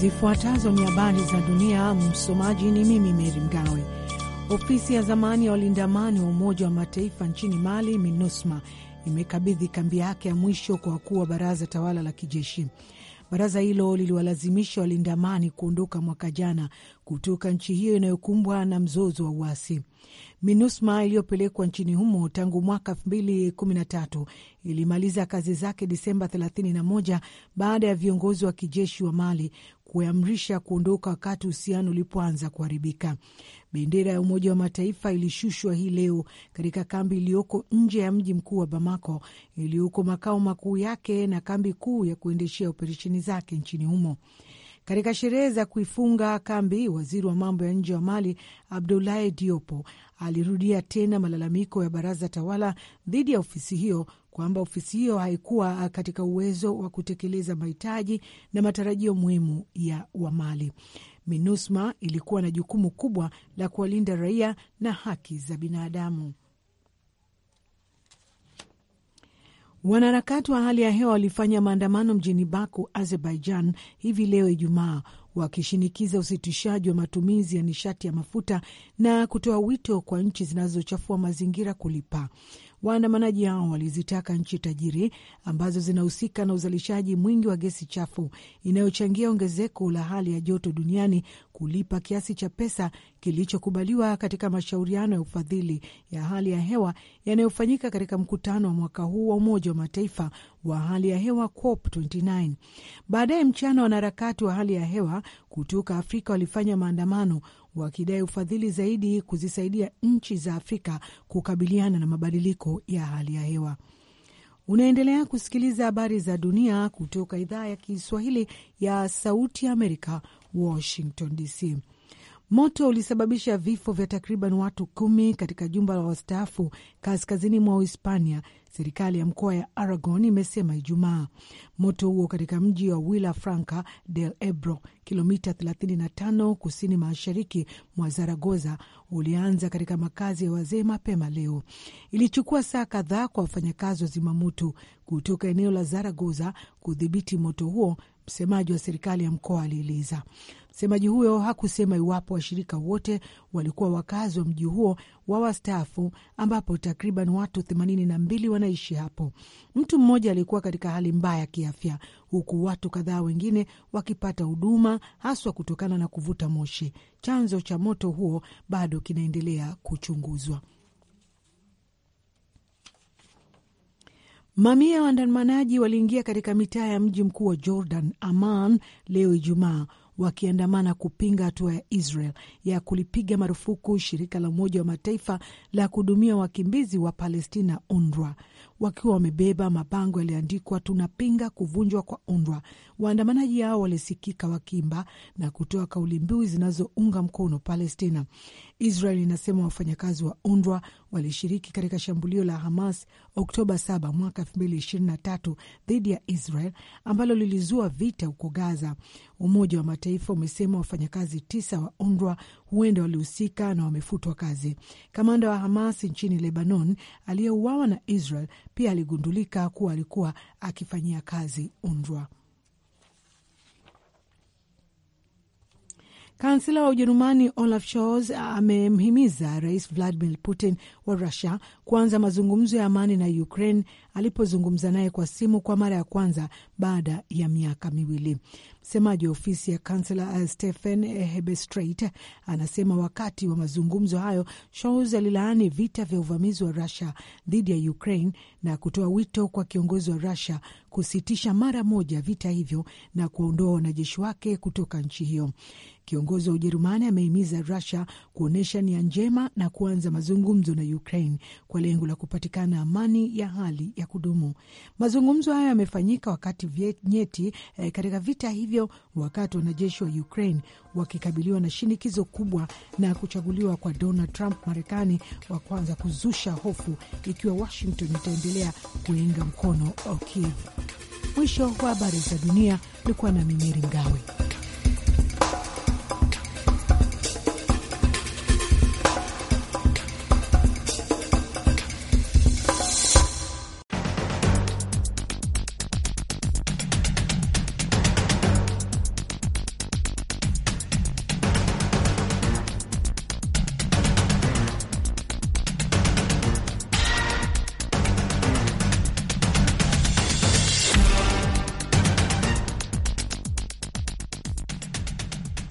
Zifuatazo ni habari za dunia. Msomaji ni mimi Meri Mgawe. Ofisi ya zamani ya walinda amani wa Umoja wa Mataifa nchini Mali, MINUSMA, imekabidhi kambi yake ya mwisho kwa wakuu wa baraza tawala la kijeshi. Baraza hilo liliwalazimisha walinda amani kuondoka mwaka jana kutoka nchi hiyo inayokumbwa na mzozo wa uasi. MINUSMA iliyopelekwa nchini humo tangu mwaka 2013 ilimaliza kazi zake Disemba 31 baada ya viongozi wa kijeshi wa Mali kuamrisha kuondoka wakati uhusiano ulipoanza kuharibika. Bendera ya Umoja wa Mataifa ilishushwa hii leo katika kambi iliyoko nje ya mji mkuu wa Bamako, iliyoko makao makuu yake na kambi kuu ya kuendeshea operesheni zake nchini humo. Katika sherehe za kuifunga kambi, waziri wa mambo ya nje wa Mali Abdoulaye Diopo alirudia tena malalamiko ya baraza tawala dhidi ya ofisi hiyo kwamba ofisi hiyo haikuwa katika uwezo wa kutekeleza mahitaji na matarajio muhimu ya Wamali. MINUSMA ilikuwa na jukumu kubwa la kuwalinda raia na haki za binadamu. Wanaharakati wa hali ya hewa walifanya maandamano mjini Baku, Azerbaijan hivi leo Ijumaa, wakishinikiza usitishaji wa matumizi ya nishati ya mafuta na kutoa wito kwa nchi zinazochafua mazingira kulipa. Waandamanaji hao walizitaka nchi tajiri ambazo zinahusika na uzalishaji mwingi wa gesi chafu inayochangia ongezeko la hali ya joto duniani kulipa kiasi cha pesa kilichokubaliwa katika mashauriano ya ufadhili ya hali ya hewa yanayofanyika katika mkutano wa mwaka huu wa Umoja wa Mataifa wa hali ya hewa COP 29. Baadaye mchana, wanaharakati wa hali ya hewa kutoka Afrika walifanya maandamano wakidai ufadhili zaidi kuzisaidia nchi za Afrika kukabiliana na mabadiliko ya hali ya hewa. Unaendelea kusikiliza habari za dunia kutoka idhaa ya Kiswahili ya Sauti ya Amerika, Washington DC. Moto ulisababisha vifo vya takriban watu kumi katika jumba la wastaafu kaskazini mwa Uhispania serikali ya mkoa ya Aragon imesema Ijumaa. Moto huo katika mji wa Willa Franca del Ebro, kilomita 35 kusini mashariki mwa Zaragoza, ulianza katika makazi ya wazee mapema leo. Ilichukua saa kadhaa kwa wafanyakazi wa zimamoto kutoka eneo la Zaragoza kudhibiti moto huo, msemaji wa serikali ya mkoa alieleza. Msemaji huyo hakusema iwapo washirika wote walikuwa wakazi wa mji huo wa wastaafu ambapo takriban watu 82 wanaishi hapo. Mtu mmoja alikuwa katika hali mbaya kiafya, huku watu kadhaa wengine wakipata huduma haswa kutokana na kuvuta moshi. Chanzo cha moto huo bado kinaendelea kuchunguzwa. Mamia ya waandamanaji waliingia katika mitaa ya mji mkuu wa Jordan, aman leo Ijumaa wakiandamana kupinga hatua ya Israel ya kulipiga marufuku shirika la Umoja wa Mataifa la kuhudumia wakimbizi wa Palestina, UNRWA wakiwa wamebeba mabango yaliyoandikwa tunapinga kuvunjwa kwa UNRWA. Waandamanaji hao walisikika wakimba na kutoa kauli mbiu zinazounga mkono Palestina. Israel inasema wafanyakazi wa UNRWA walishiriki katika shambulio la Hamas Oktoba 7 mwaka 2023 dhidi ya Israel ambalo lilizua vita huko Gaza. Umoja wa Mataifa umesema wafanyakazi tisa wa UNRWA huenda walihusika na wamefutwa kazi. Kamanda wa Hamas nchini Lebanon aliyeuawa na Israel pia aligundulika kuwa alikuwa akifanyia kazi UNRWA. Kansela wa Ujerumani Olaf Scholz amemhimiza Rais Vladimir Putin wa Russia kuanza mazungumzo ya amani na Ukraine alipozungumza naye kwa simu kwa mara ya kwanza baada ya miaka miwili. Msemaji wa ofisi ya kansela Stephen Hebestreit anasema wakati wa mazungumzo hayo, Scholz alilaani vita vya uvamizi wa Russia dhidi ya Ukraine na kutoa wito kwa kiongozi wa Russia kusitisha mara moja vita hivyo na kuwaondoa wanajeshi wake kutoka nchi hiyo. Kiongozi wa Ujerumani amehimiza Rusia kuonyesha nia njema na kuanza mazungumzo na Ukraine kwa lengo la kupatikana amani ya hali ya kudumu. Mazungumzo hayo yamefanyika wakati nyeti eh, katika vita hivyo, wakati wanajeshi wa Ukraine wakikabiliwa na shinikizo kubwa na kuchaguliwa kwa Donald Trump Marekani wa kwanza kuzusha hofu ikiwa Washington itaendelea kuinga mkono oh, Kiev. Mwisho wa habari za dunia. Ulikuwa na Mimeri Mgawe.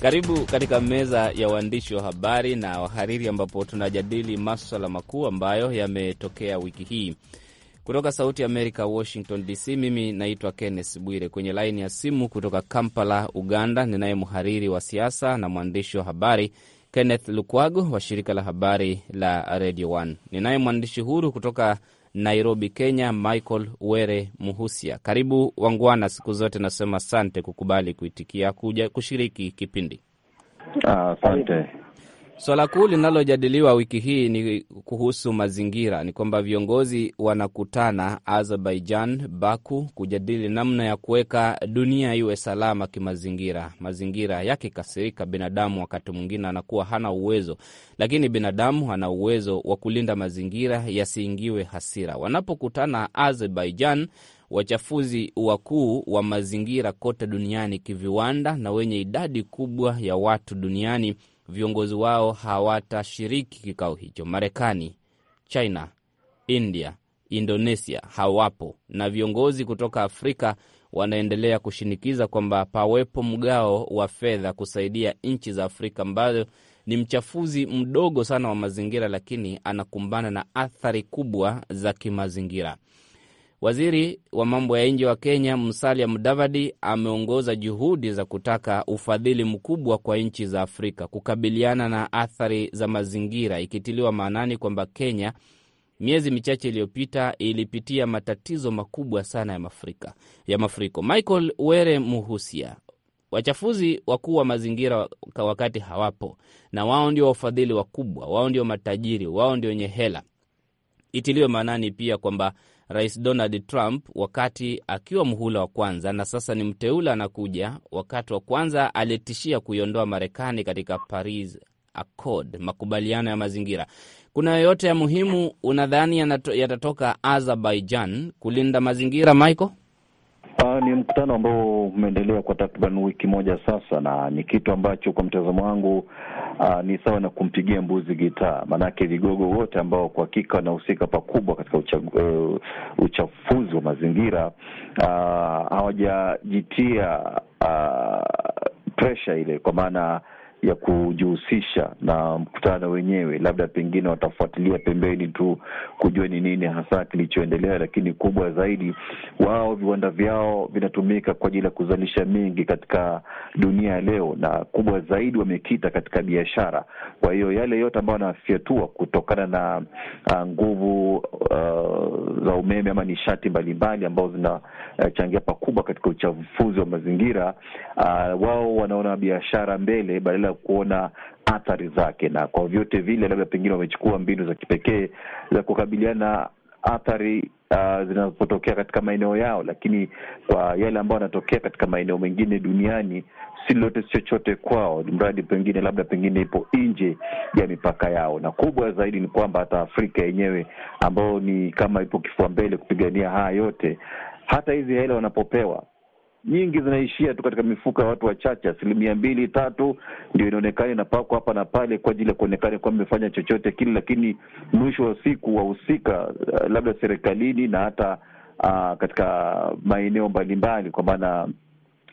Karibu katika meza ya waandishi wa habari na wahariri, ambapo tunajadili maswala makuu ambayo yametokea wiki hii kutoka Sauti Amerika, Washington DC. Mimi naitwa Kenneth Bwire. Kwenye laini ya simu kutoka Kampala, Uganda, ninaye mhariri wa siasa na mwandishi wa habari Kenneth Lukwago wa shirika la habari la Radio One. Ninaye mwandishi huru kutoka Nairobi, Kenya, Michael Were Muhusia. Karibu wangwana, siku zote nasema asante kukubali kuitikia kuja kushiriki kipindi. Ah, asante Swala kuu linalojadiliwa wiki hii ni kuhusu mazingira. Ni kwamba viongozi wanakutana Azerbaijan, Baku, kujadili namna ya kuweka dunia iwe salama kimazingira. Mazingira yakikasirika, binadamu wakati mwingine anakuwa hana uwezo, lakini binadamu ana uwezo wa kulinda mazingira yasiingiwe hasira. Wanapokutana Azerbaijan, wachafuzi wakuu wa mazingira kote duniani, kiviwanda na wenye idadi kubwa ya watu duniani viongozi wao hawatashiriki kikao hicho. Marekani, China, India, Indonesia hawapo na viongozi kutoka Afrika wanaendelea kushinikiza kwamba pawepo mgao wa fedha kusaidia nchi za Afrika ambazo ni mchafuzi mdogo sana wa mazingira, lakini anakumbana na athari kubwa za kimazingira. Waziri wa mambo ya nje wa Kenya Musalia Mudavadi ameongoza juhudi za kutaka ufadhili mkubwa kwa nchi za Afrika kukabiliana na athari za mazingira, ikitiliwa maanani kwamba Kenya miezi michache iliyopita ilipitia matatizo makubwa sana ya mafrika, ya mafuriko. Michael Were Muhusia, wachafuzi wakuu wa mazingira wakati hawapo, na wao ndio wafadhili wakubwa, wao ndio matajiri, wao ndio wenye hela. Itiliwe maanani pia kwamba Rais Donald Trump wakati akiwa mhula wa kwanza, na sasa ni mteule anakuja. Wakati wa kwanza alitishia kuiondoa Marekani katika Paris Accord, makubaliano ya mazingira. Kuna yoyote ya muhimu unadhani yatatoka Azerbaijan kulinda mazingira, Michael? Uh, ni mkutano ambao umeendelea kwa takriban wiki moja sasa, na ni kitu ambacho kwa mtazamo wangu uh, ni sawa na kumpigia mbuzi gitaa, maanake vigogo wote ambao kwa hakika wanahusika pakubwa katika ucha, uh, eh, uchafuzi wa mazingira ah, hawajajitia uh, presha ile kwa maana ya kujihusisha na mkutano wenyewe, labda pengine watafuatilia pembeni tu kujua ni nini hasa kilichoendelea, lakini kubwa zaidi, wao viwanda vyao vinatumika kwa ajili ya kuzalisha mengi katika dunia ya leo, na kubwa zaidi wamekita katika biashara. Kwa hiyo yale yote ambayo wanafyatua kutokana na nguvu uh, za umeme ama nishati mbalimbali ambazo zinachangia uh, pakubwa katika uchafuzi wa mazingira uh, wao wanaona biashara mbele badala kuona athari zake, na kwa vyote vile, labda pengine wamechukua mbinu za kipekee za kukabiliana athari uh, zinazotokea katika maeneo yao, lakini kwa yale ambayo wanatokea katika maeneo mengine duniani si lolote si chochote kwao, mradi pengine labda pengine ipo nje ya mipaka yao. Na kubwa zaidi ni kwamba hata Afrika yenyewe ambayo ni kama ipo kifua mbele kupigania haya yote, hata hizi hela wanapopewa nyingi zinaishia tu katika mifuko ya watu wachache. Asilimia mbili tatu ndio inaonekana inapakwa hapa na pale kwa ajili ya kuonekana kwamba imefanya chochote kile, lakini mwisho wa siku wahusika, eh, labda serikalini na hata uh, katika maeneo mbalimbali, kwa maana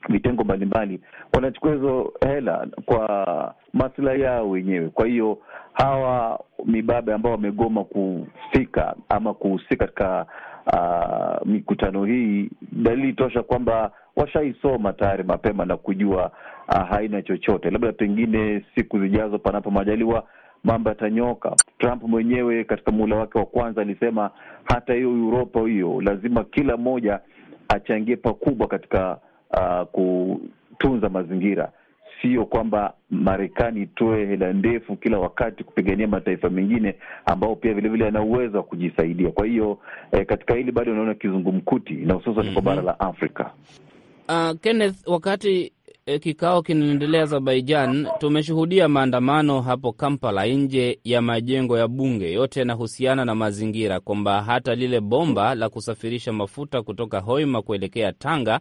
vitengo mbalimbali, wanachukua hizo hela kwa maslahi yao wenyewe. Kwa hiyo hawa mibabe ambao wamegoma kufika ama kuhusika katika uh, mikutano hii dalili tosha kwamba washaisoma tayari mapema na kujua uh, haina chochote. Labda pengine siku zijazo, panapo majaliwa, mambo yatanyoka. Trump mwenyewe katika muhula wake wa kwanza alisema hata hiyo Uropa hiyo lazima kila mmoja achangie pakubwa katika uh, kutunza mazingira sio kwamba Marekani itoe hela ndefu kila wakati kupigania mataifa mengine ambao pia vilevile yana uwezo wa kujisaidia. Kwa hiyo eh, katika hili bado unaona kizungumkuti na hususan mm -hmm. kwa mhm. bara la Afrika. Uh, Kenneth, wakati eh, kikao kinaendelea Azerbaijan, tumeshuhudia maandamano hapo Kampala nje ya majengo ya bunge, yote yanahusiana na mazingira, kwamba hata lile bomba la kusafirisha mafuta kutoka Hoima kuelekea Tanga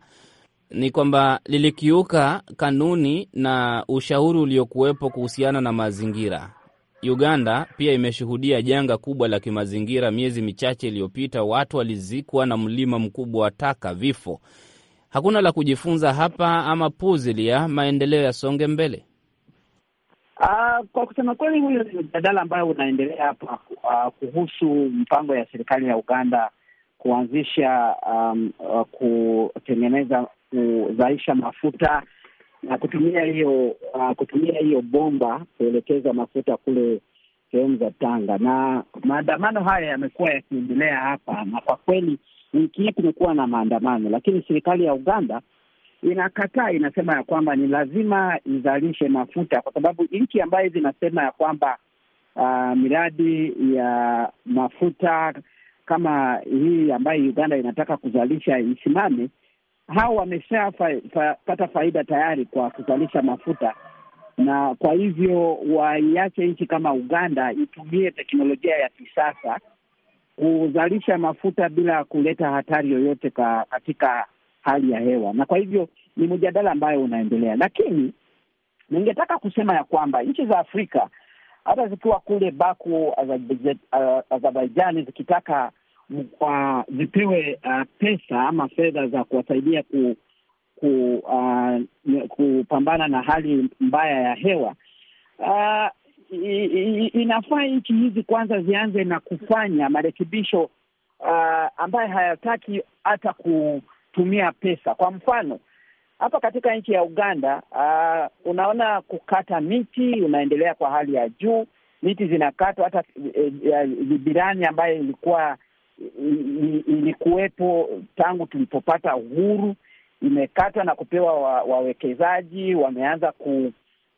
ni kwamba lilikiuka kanuni na ushauri uliokuwepo kuhusiana na mazingira. Uganda pia imeshuhudia janga kubwa la kimazingira. Miezi michache iliyopita, watu walizikwa na mlima mkubwa wa taka, vifo. Hakuna la kujifunza hapa ama puzili ya maendeleo yasonge mbele? Uh, kwa kusema kweli, huyo ni mjadala ambayo unaendelea hapa uh, kuhusu mpango ya serikali ya Uganda kuanzisha um, uh, kutengeneza kuzalisha mafuta na kutumia hiyo uh, kutumia hiyo bomba kuelekeza mafuta kule sehemu za Tanga. Na maandamano haya yamekuwa yakiendelea hapa, na kwa kweli wiki hii kumekuwa na maandamano, lakini serikali ya Uganda inakataa, inasema ya kwamba ni lazima izalishe mafuta, kwa sababu nchi ambayo zinasema ya kwamba uh, miradi ya mafuta kama hii ambayo Uganda inataka kuzalisha isimame hao wameshapata fa, faida tayari kwa kuzalisha mafuta, na kwa hivyo waiache nchi kama Uganda itumie teknolojia ya kisasa kuzalisha mafuta bila kuleta hatari yoyote ka, katika hali ya hewa, na kwa hivyo ni mjadala ambayo unaendelea, lakini ningetaka kusema ya kwamba nchi za Afrika hata zikiwa kule Baku Azerbaijani zikitaka zipewe uh, pesa ama fedha za kuwasaidia ku, ku, uh, kupambana na hali mbaya ya hewa uh, inafaa nchi hizi kwanza zianze na kufanya marekebisho uh, ambayo hayataki hata kutumia pesa. Kwa mfano hapa katika nchi ya Uganda uh, unaona kukata miti unaendelea kwa hali ya juu, miti zinakatwa hata e, eh, e, birani ambayo ilikuwa ilikuwepo tangu tulipopata uhuru, imekatwa na kupewa wa, wawekezaji wameanza ku,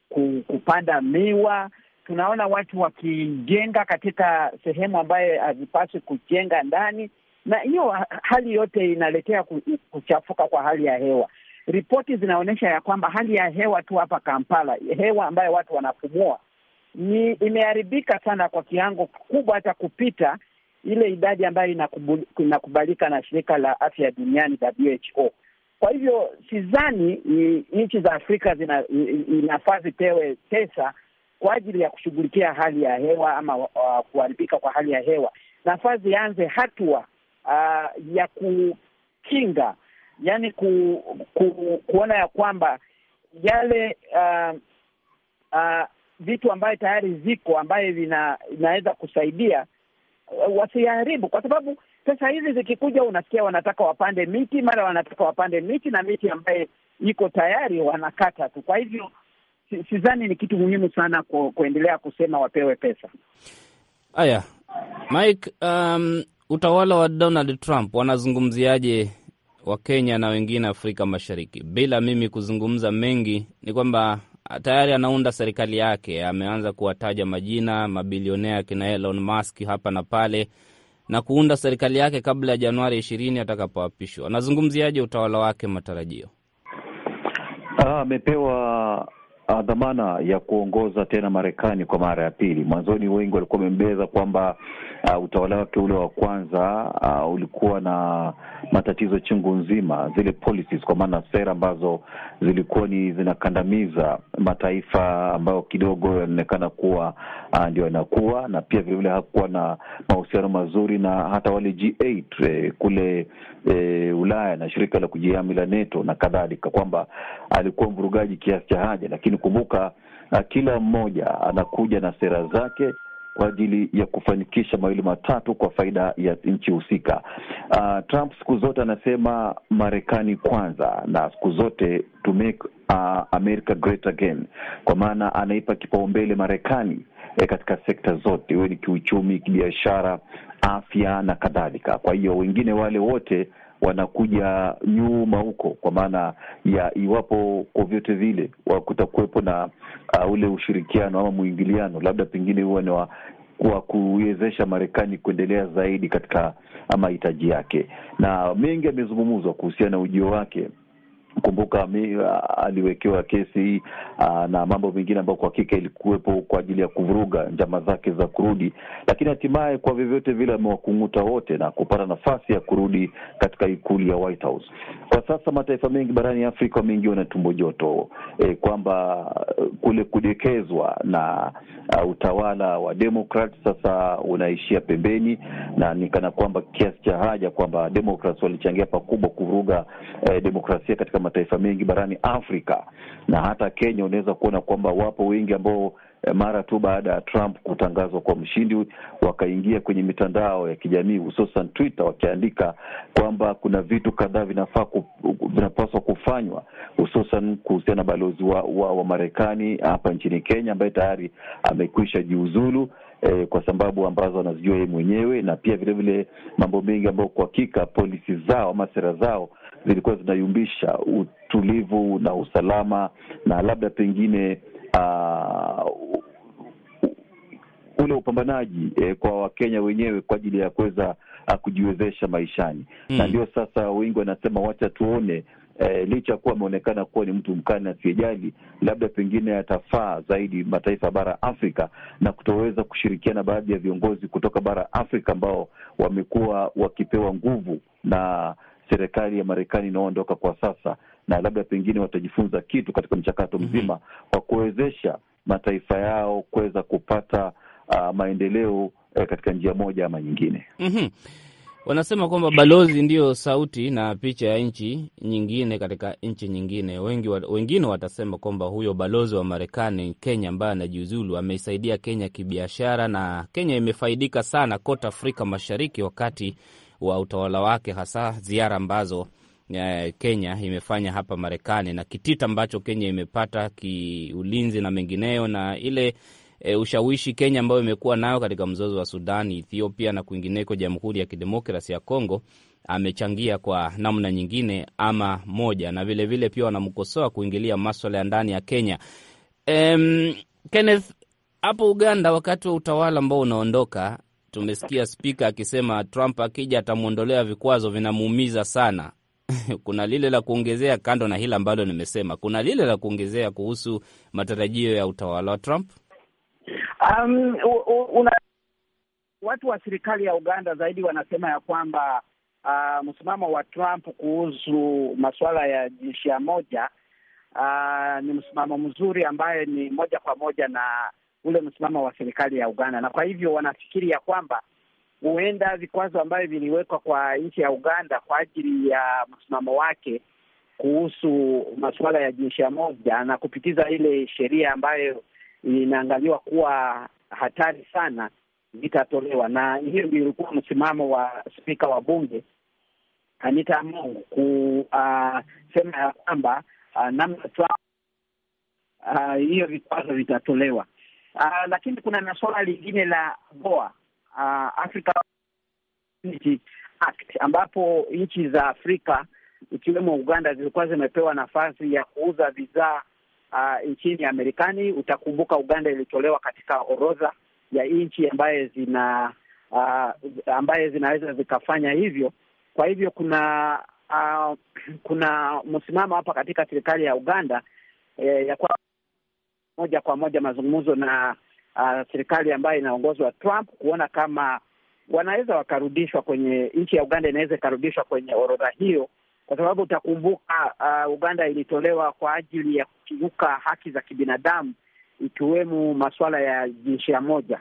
ku, kupanda miwa. Tunaona watu wakijenga katika sehemu ambayo hazipaswi kujenga ndani, na hiyo hali yote inaletea kuchafuka kwa hali ya hewa. Ripoti zinaonyesha ya kwamba hali ya hewa tu hapa Kampala, hewa ambayo watu wanapumua ni imeharibika sana kwa kiango kikubwa hata kupita ile idadi ambayo inakubalika na shirika la afya duniani WHO. Kwa hivyo sidhani nchi za Afrika zina, inafaa zipewe pesa kwa ajili ya kushughulikia hali ya hewa ama uh, kuharibika kwa hali ya hewa. Nafaa zianze hatua uh, ya kukinga, yani ku, ku, kuona ya kwamba yale uh, uh, vitu ambayo tayari ziko ambayo vinaweza kusaidia Eh, wasiharibu, kwa sababu pesa hizi zikikuja, unasikia wanataka wapande miti, mara wanataka wapande miti, na miti ambaye iko tayari wanakata tu. Kwa hivyo sidhani ni kitu muhimu sana ku, kuendelea kusema wapewe pesa. Haya, Mike, um, utawala wa Donald Trump wanazungumziaje Wakenya na wengine Afrika Mashariki? Bila mimi kuzungumza mengi, ni kwamba tayari anaunda serikali yake. Ameanza kuwataja majina mabilionea kina Elon Musk hapa na pale na kuunda serikali yake kabla ya Januari ishirini atakapoapishwa. Anazungumziaje utawala wake matarajio? Ah, amepewa uh, dhamana ya kuongoza tena Marekani kwa mara ya pili. Mwanzoni wengi walikuwa wamembeza kwamba uh, utawala wake ule wa kwanza uh, ulikuwa na matatizo chungu nzima, zile policies, kwa maana sera ambazo zilikuwa ni zinakandamiza mataifa ambayo kidogo yanaonekana kuwa uh, ndio yanakuwa, na pia vilevile hakuwa na mahusiano mazuri na hata wale G8 eh, kule eh, Ulaya na shirika la kujihami la NATO na kadhalika, kwamba alikuwa mvurugaji kiasi cha haja, lakini kumbuka, ah, kila mmoja anakuja na sera zake kwa ajili ya kufanikisha mawili matatu kwa faida ya nchi husika. Uh, Trump siku zote anasema Marekani kwanza, na siku zote to make uh, America great again, kwa maana anaipa kipaumbele Marekani eh, katika sekta zote, iwe ni kiuchumi, kibiashara, afya na kadhalika. Kwa hiyo wengine wale wote wanakuja nyuma huko, kwa maana ya iwapo kwa vyote vile kutakuwepo na uh, ule ushirikiano ama mwingiliano, labda pengine huwa ni wa kwa kuiwezesha Marekani kuendelea zaidi katika uh, mahitaji yake, na mengi yamezungumzwa kuhusiana na ujio wake Kumbuka mi aliwekewa kesi hii na mambo mengine ambayo kwa hakika ilikuwepo kwa ajili ya kuvuruga njama zake za kurudi, lakini hatimaye kwa vyovyote vile amewakung'uta wote na kupata nafasi ya kurudi katika ikulu ya White House. Kwa sasa mataifa mengi barani Afrika wameingiwa na tumbo joto e, kwamba kule kudekezwa na uh, utawala wa Democrat sasa unaishia pembeni na nikana kwamba kiasi cha haja kwamba Democrats walichangia pakubwa kuvuruga eh, demokrasia katika mataifa mengi barani Afrika na hata Kenya, unaweza kuona kwamba wapo wengi ambao eh, mara tu baada ya Trump kutangazwa kwa mshindi wakaingia kwenye mitandao ya kijamii hususan Twitter wakiandika kwamba kuna vitu kadhaa vinafaa vinapaswa kufanywa hususan kuhusiana na balozi wa, wa, wa Marekani hapa nchini Kenya ambaye tayari amekwisha jiuzulu eh, kwa sababu ambazo anazijua yeye mwenyewe na pia vilevile mambo mengi ambayo kwa hakika polisi zao ama sera zao zilikuwa zinayumbisha utulivu na usalama na labda pengine uh, ule upambanaji eh, kwa Wakenya wenyewe kwa ajili ya kuweza uh, kujiwezesha maishani mm. Na hmm. ndio sasa wengi wanasema wacha tuone eh, licha ya kuwa ameonekana kuwa ni mtu mkali asiyejali, labda pengine atafaa zaidi mataifa ya bara Afrika na kutoweza kushirikiana baadhi ya viongozi kutoka bara Afrika ambao wamekuwa wakipewa nguvu na serikali ya Marekani inaoondoka kwa sasa, na labda pengine watajifunza kitu katika mchakato mhm. mzima mm -hmm. wa kuwezesha mataifa yao kuweza kupata uh, maendeleo uh, katika njia moja ama nyingine mm -hmm. Wanasema kwamba balozi ndiyo sauti na picha ya nchi nyingine katika nchi nyingine. Wengi wa, wengine watasema kwamba huyo balozi wa Marekani Kenya ambaye anajiuzulu ameisaidia Kenya kibiashara na Kenya imefaidika sana kote Afrika Mashariki wakati wa utawala wake, hasa ziara ambazo eh, Kenya imefanya hapa Marekani na kitita ambacho Kenya imepata kiulinzi na mengineyo na ile E, ushawishi Kenya ambayo imekuwa nayo katika mzozo wa Sudan, Ethiopia na kwingineko, Jamhuri ya Kidemokrasi ya Kongo, amechangia kwa namna nyingine ama moja, na vilevile vile pia wanamkosoa kuingilia maswala ya ndani ya Kenya. Um, Kenneth, hapo Uganda wakati wa utawala ambao unaondoka tumesikia spika akisema Trump akija atamwondolea vikwazo vinamuumiza sana. Kuna lile la kuongezea, kando na hili ambalo nimesema, kuna lile la kuongezea kuhusu matarajio ya utawala wa Trump. Um, una watu wa serikali ya Uganda zaidi wanasema ya kwamba uh, msimamo wa Trump kuhusu masuala ya jinsia moja uh, ni msimamo mzuri ambaye ni moja kwa moja na ule msimamo wa serikali ya Uganda, na kwa hivyo wanafikiri ya kwamba huenda vikwazo ambavyo viliwekwa kwa nchi ya Uganda kwa ajili ya msimamo wake kuhusu masuala ya jinsia moja na kupitiza ile sheria ambayo inaangaliwa kuwa hatari sana vitatolewa. Na hiyo ndio ilikuwa msimamo wa spika wa bunge Anita Among kusema ah, ya kwamba ah, namna ah, hiyo vikwazo vitatolewa. Uh, lakini kuna na suala lingine la AGOA, uh, ah, Africa Act, ambapo nchi za Afrika ikiwemo Uganda zilikuwa zimepewa nafasi ya kuuza bidhaa uh, nchini Amerikani. Utakumbuka Uganda ilitolewa katika orodha ya nchi ambaye zina uh, ambaye zinaweza zikafanya hivyo. Kwa hivyo kuna uh, kuna msimamo hapa katika serikali ya Uganda eh, ya kwa moja kwa moja mazungumzo na uh, serikali ambayo inaongozwa Trump kuona kama wanaweza wakarudishwa kwenye nchi ya Uganda inaweza ikarudishwa kwenye orodha hiyo, kwa sababu utakumbuka uh, Uganda ilitolewa kwa ajili ya kukiuka haki za kibinadamu ikiwemo masuala ya jinsia moja.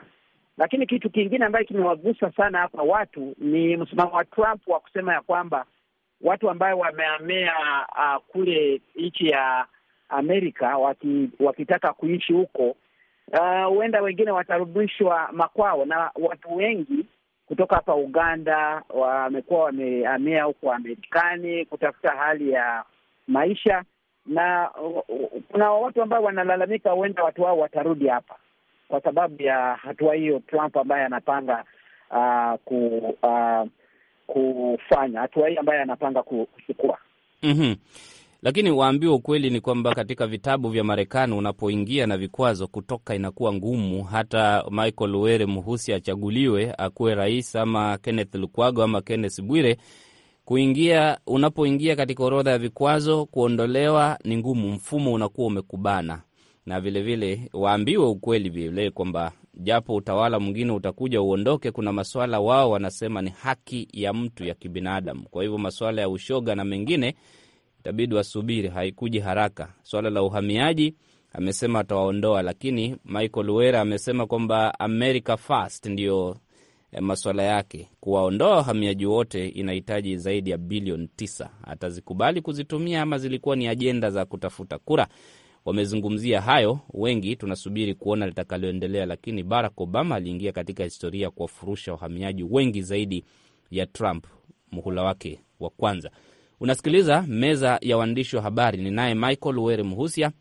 Lakini kitu kingine ambayo kimewagusa sana hapa watu ni msimamo wa Trump wa kusema ya kwamba watu ambayo wamehamia uh, kule nchi ya Amerika waki, wakitaka kuishi huko uh, huenda uh, wengine watarudishwa makwao, na watu wengi kutoka hapa Uganda wamekuwa wamehamia huko Amerikani kutafuta hali ya maisha, na uh, kuna watu ambao wanalalamika huenda watu wao watarudi hapa kwa sababu ya hatua hiyo Trump ambaye anapanga uh, ku, uh, kufanya hatua hii ambayo anapanga kuchukua. mm -hmm. Lakini waambiwe ukweli ni kwamba katika vitabu vya Marekani unapoingia na vikwazo kutoka inakuwa ngumu, hata Michael Were Muhusi achaguliwe akuwe rais ama Kenneth Lukwago ama Kenneth Bwire kuingia unapoingia katika orodha ya vikwazo kuondolewa ni ngumu, mfumo unakuwa umekubana. Na vilevile waambiwe ukweli vile kwamba japo utawala mwingine utakuja uondoke, kuna maswala wao wanasema ni haki ya mtu ya kibinadamu. Kwa hivyo maswala ya ushoga na mengine itabidi wasubiri, haikuji haraka. Swala la uhamiaji amesema atawaondoa, lakini Michael Were amesema kwamba America First ndiyo eh, maswala yake. Kuwaondoa wahamiaji wote inahitaji zaidi ya bilioni tisa. Atazikubali kuzitumia ama zilikuwa ni ajenda za kutafuta kura? Wamezungumzia hayo wengi, tunasubiri kuona litakaloendelea, lakini Barack Obama aliingia katika historia kuwafurusha wahamiaji wengi zaidi ya Trump muhula wake wa kwanza. Unasikiliza meza ya waandishi wa habari, ninaye Michael Were mhusia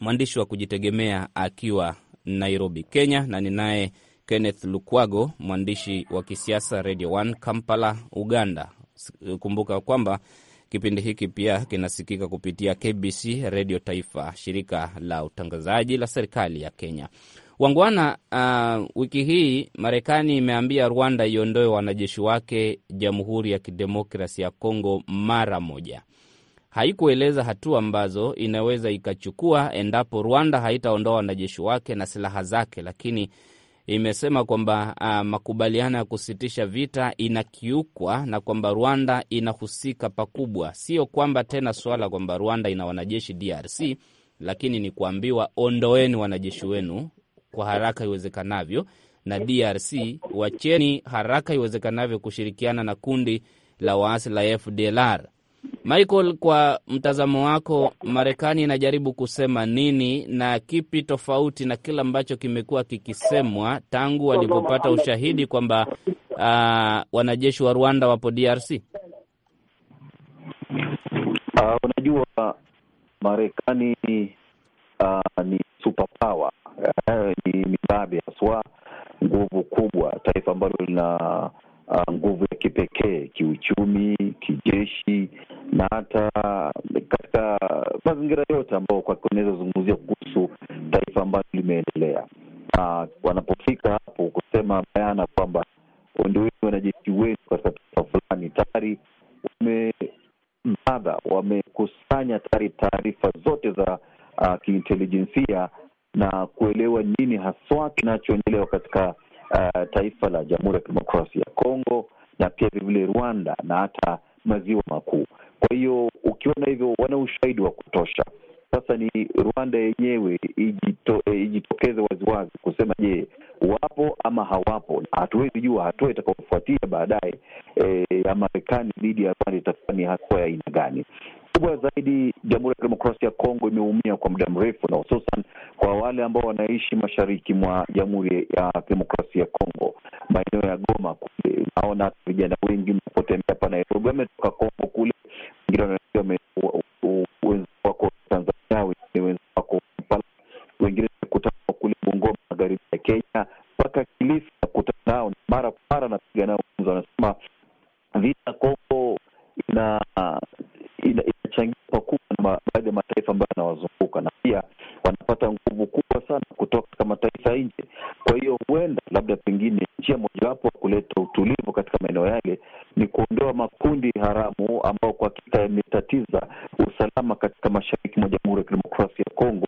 mwandishi wa kujitegemea akiwa Nairobi, Kenya, na ninaye Kenneth Lukwago, mwandishi wa kisiasa Radio 1 Kampala, Uganda. Kumbuka kwamba kipindi hiki pia kinasikika kupitia KBC Radio Taifa, shirika la utangazaji la serikali ya Kenya. Wangwana, uh, wiki hii Marekani imeambia Rwanda iondoe wanajeshi wake Jamhuri ya Kidemokrasi ya Kongo mara moja. Haikueleza hatua ambazo inaweza ikachukua endapo Rwanda haitaondoa wanajeshi wake na silaha zake, lakini imesema kwamba uh, makubaliano ya kusitisha vita inakiukwa na kwamba Rwanda inahusika pakubwa. Sio kwamba tena swala kwamba Rwanda ina wanajeshi DRC, lakini ni kuambiwa ondoeni wanajeshi wenu kwa haraka iwezekanavyo, na DRC wacheni haraka iwezekanavyo kushirikiana na kundi la waasi la FDLR. Michael, kwa mtazamo wako, Marekani inajaribu kusema nini na kipi tofauti na kile ambacho kimekuwa kikisemwa tangu walipopata ushahidi kwamba uh, wanajeshi wa Rwanda wapo DRC? Uh, ah, unajua Marekani uh, ni Eh, ni mibabe haswa, nguvu kubwa, taifa ambalo lina Uh, nguvu ya kipekee kiuchumi, kijeshi na hata katika mazingira yote ambayo unaweza zungumzia kuhusu taifa ambalo limeendelea. Uh, wanapofika hapo kusema bayana kwamba ondoeni wanajeshi wenu katika taifa fulani, tayari wamegadha, wamekusanya tayari taarifa zote za uh, kiintelijensia na kuelewa nini haswa kinachoendelewa katika uh, taifa la Jamhuri ya Kidemokrasia ya Kongo na pia vilevile Rwanda na hata maziwa makuu. Kwa hiyo ukiona hivyo, wana ushahidi wa kutosha. Sasa ni Rwanda yenyewe ijito, eh, ijitokeze waziwazi kusema je, wapo ama hawapo, na hatuwezi jua hatua itakaofuatia baadaye e, ya Marekani dhidi ya Rwanda itakuwa ni hatua ya aina gani. Kubwa zaidi, Jamhuri ya Kidemokrasia ya Kongo imeumia kwa muda mrefu, na hususan kwa wale ambao wanaishi mashariki mwa Jamhuri ya demokrasia ya Kongo, maeneo ya Goma kule, naona vijana wengi mnapotembea hapa Nairobi wametoka Kongo kule, wengine wenzao wako Tanzania, wengine wenzao wako Kampala, wengine nakutana kule Bungoma, magharibi ya Kenya, mpaka Kilifi nakutana nao mara kwa mara, napiga nao wanasema vita nje. Kwa hiyo huenda labda pengine njia mojawapo ya kuleta utulivu katika maeneo yale ni kuondoa makundi haramu ambao kwa hakika yametatiza usalama katika mashariki mwa Jamhuri ya Kidemokrasia ya Kongo,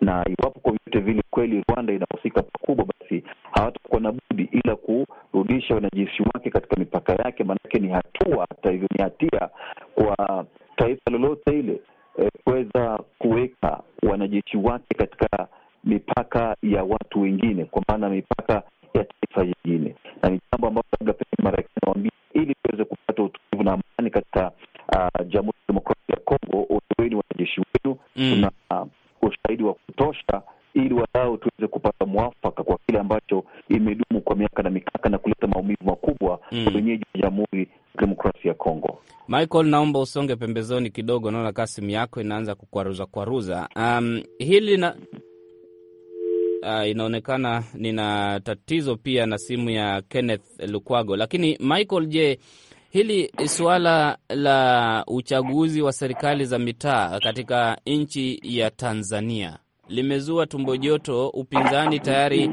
na iwapo kwa vyote vile kweli Rwanda inahusika pakubwa, basi hawatakuwa na budi ila kurudisha wanajeshi wake katika mipaka yake, maanake ni hatua, hata hivyo ni hatia kwa taifa lolote ile eh, kuweza kuweka wanajeshi wake katika mipaka ya watu wengine, kwa maana mipaka ya taifa jingine, na ni jambo ambalo labda pengine Marekani wambia ili tuweze kupata utulivu na amani katika uh, Jamhuri ya Demokrasia ya Kongo, ondoweni wanajeshi wenu mm. na uh, ah, ushahidi wa kutosha ili walau tuweze kupata mwafaka kwa kile ambacho imedumu kwa miaka na mikaka na kuleta maumivu makubwa mm. kwa wenyeji wa Jamhuri Demokrasia ya Kongo. Michael, naomba usonge pembezoni kidogo, naona kaa simu yako inaanza kukwaruza kwaruza. Um, hili na, uh, inaonekana nina tatizo pia na simu ya Kenneth Lukwago. Lakini Michael, je, hili suala la uchaguzi wa serikali za mitaa katika nchi ya Tanzania limezua tumbo joto. Upinzani tayari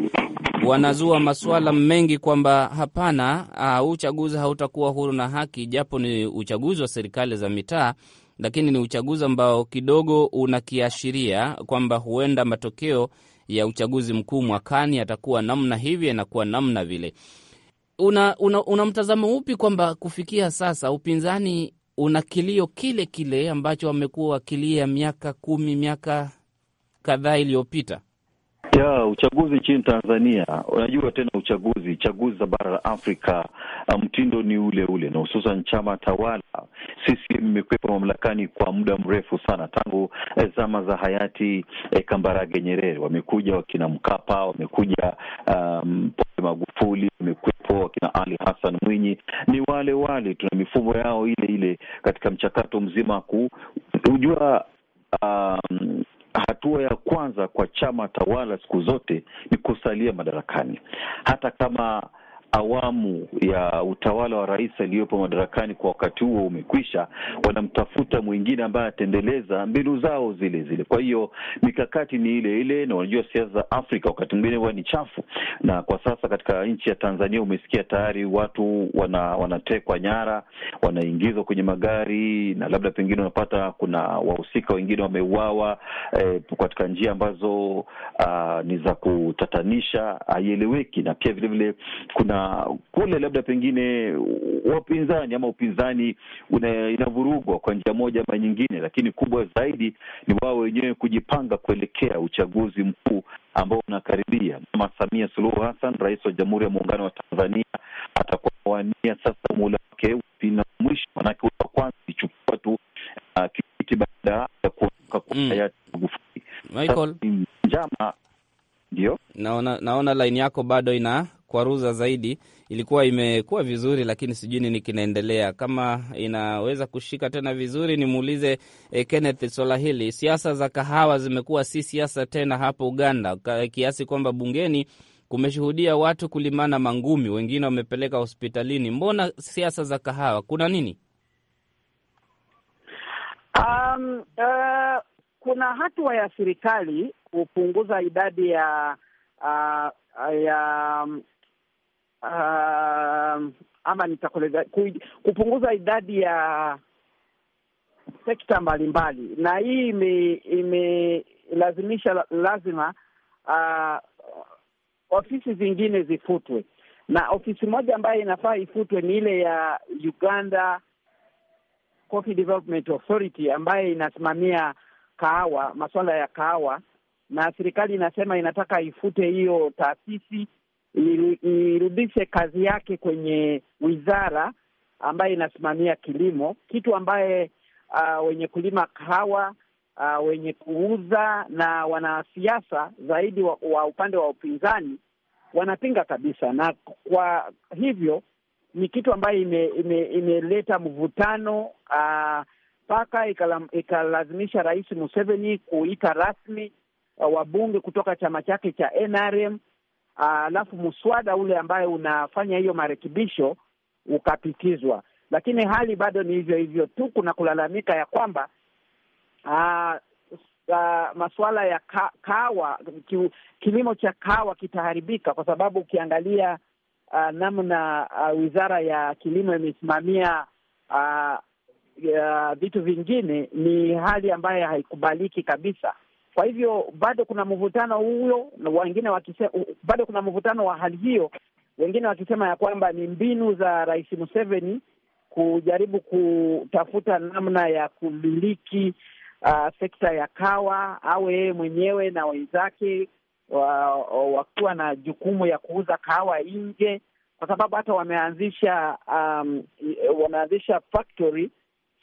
wanazua masuala mengi kwamba hapana, uh, uchaguzi hautakuwa huru na haki, japo ni uchaguzi wa serikali za mitaa, lakini ni uchaguzi ambao kidogo unakiashiria kwamba huenda matokeo ya uchaguzi mkuu mwakani atakuwa namna hivi, anakuwa namna vile. Una, una, una mtazamo upi kwamba kufikia sasa upinzani una kilio kile kile ambacho wamekuwa wakilia miaka kumi, miaka kadhaa iliyopita? ya uchaguzi nchini Tanzania, unajua tena uchaguzi chaguzi za bara la Afrika ah, mtindo ni ule ule, na hususan chama tawala CCM imekwepa mamlakani kwa muda mrefu sana, tangu eh, zama za hayati eh, Kambarage Nyerere. Wamekuja wakina Mkapa, wamekuja um, Pombe Magufuli, wamekuwepo wakina Ali Hassan Mwinyi, ni wale wale, tuna mifumo yao ile ile katika mchakato mzima kuujua um, hatua ya kwanza kwa chama tawala siku zote ni kusalia madarakani, hata kama awamu ya utawala wa rais aliyopo madarakani kwa wakati huo umekwisha, wanamtafuta mwingine ambaye atendeleza mbinu zao zile zile. Kwa hiyo mikakati ni ile ile, na unajua siasa za Afrika wakati mwingine huwa ni chafu, na kwa sasa katika nchi ya Tanzania umesikia tayari watu wana, wanatekwa nyara, wanaingizwa kwenye magari na labda pengine unapata kuna wahusika wengine wameuawa eh, katika njia ambazo uh, ni za kutatanisha, haieleweki na pia vilevile vile kuna kule labda pengine wapinzani ama upinzani inavurugwa kwa njia moja ama nyingine, lakini kubwa zaidi ni wao wenyewe kujipanga kuelekea uchaguzi mkuu ambao unakaribia. Mama Samia Suluhu Hassan, rais wa Jamhuri ya Muungano wa Tanzania, atakuwa wania sasa muhula wake na mwisho, manake ule wa kwanza ichukua tu uh, kiti baada ya kuondoka kwa mm. hayati Magufuli. Njama ndio, naona naona laini yako bado ina kwaruza zaidi. Ilikuwa imekuwa vizuri, lakini sijui nini kinaendelea. Kama inaweza kushika tena vizuri, nimuulize eh, Kenneth swala hili. Siasa za kahawa zimekuwa si siasa tena hapo Uganda, kiasi kwamba bungeni kumeshuhudia watu kulimana mangumi, wengine wamepeleka hospitalini. Mbona siasa za kahawa, kuna nini? Um, uh, kuna hatua ya serikali kupunguza idadi ya uh, ya uh, ama nitakueleza kupunguza idadi ya sekta mbalimbali, na hii imelazimisha lazima uh, ofisi zingine zifutwe, na ofisi moja ambayo inafaa ifutwe ni ile ya Uganda Coffee Development Authority ambayo inasimamia kahawa, masuala ya kahawa na serikali inasema inataka ifute hiyo taasisi irudishe kazi yake kwenye wizara ambayo inasimamia kilimo, kitu ambaye uh, wenye kulima kahawa uh, wenye kuuza na wanasiasa zaidi wa, wa upande wa upinzani wanapinga kabisa, na kwa hivyo ni kitu ambayo imeleta ime, ime mvutano ah, mpaka uh, ikalazimisha Rais Museveni kuita rasmi Uh, wabunge kutoka chama chake cha NRM, alafu mswada ule ambaye unafanya hiyo marekebisho ukapitizwa, lakini hali bado ni hivyo hivyo tu. Kuna kulalamika ya kwamba aa, uh, aa, uh, masuala ya ka, kawa ki, kilimo cha kawa kitaharibika kwa sababu ukiangalia Uh, namna uh, wizara ya kilimo imesimamia uh, uh, vitu vingine ni hali ambayo haikubaliki kabisa. Kwa hivyo bado kuna mvutano huyo, wengine wakisema bado kuna mvutano wa hali hiyo, wengine wakisema ya kwamba ni mbinu za Rais Museveni kujaribu kutafuta namna ya kumiliki uh, sekta ya kawa, awe yeye mwenyewe na wenzake wakiwa na jukumu ya kuuza kawa nje, kwa sababu hata wameanzisha um, wameanzisha factory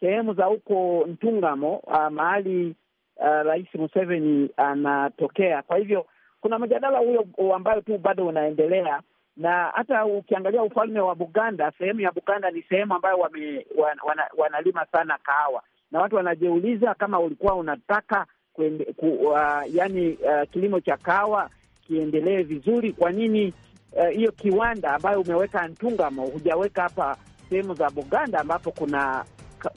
sehemu za huko Ntungamo, uh, mahali uh, Rais Museveni anatokea. Kwa hivyo kuna mjadala huyo ambayo tu bado unaendelea, na hata ukiangalia ufalme wa Buganda, sehemu ya Buganda ni sehemu ambayo wame, wan, wan, wanalima sana kahawa, na watu wanajiuliza kama ulikuwa unataka kuende, ku, uh, yani uh, kilimo cha kahawa kiendelee vizuri, kwa nini uh, hiyo uh, kiwanda ambayo umeweka Ntungamo hujaweka hapa sehemu za Buganda ambapo kuna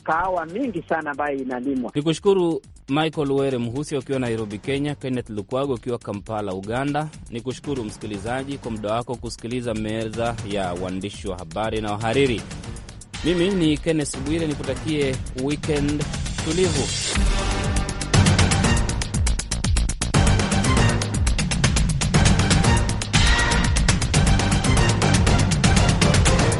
kahawa mingi sana ambayo inalimwa. Nikushukuru Michael Were Mhusi akiwa Nairobi, Kenya, Kenneth Lukwago akiwa Kampala, Uganda. Ni kushukuru msikilizaji kwa muda wako kusikiliza meza ya waandishi wa habari na wahariri. Mimi ni Kenneth Bwire, nikutakie weekend tulivu.